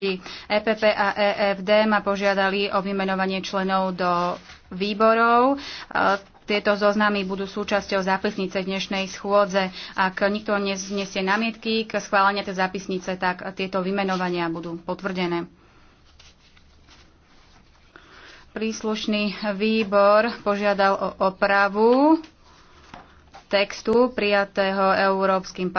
EPP a EFD ma požiadali o vymenovanie členov do výborov. E, tieto zoznamy budú súčasťou zápisnice dnešnej schôdze. Ak nikto nesie namietky k schváleniu tej zápisnice, tak tieto vymenovania budú potvrdené. Príslušný výbor požiadal o opravu textu prijatého Európskym parlamentom.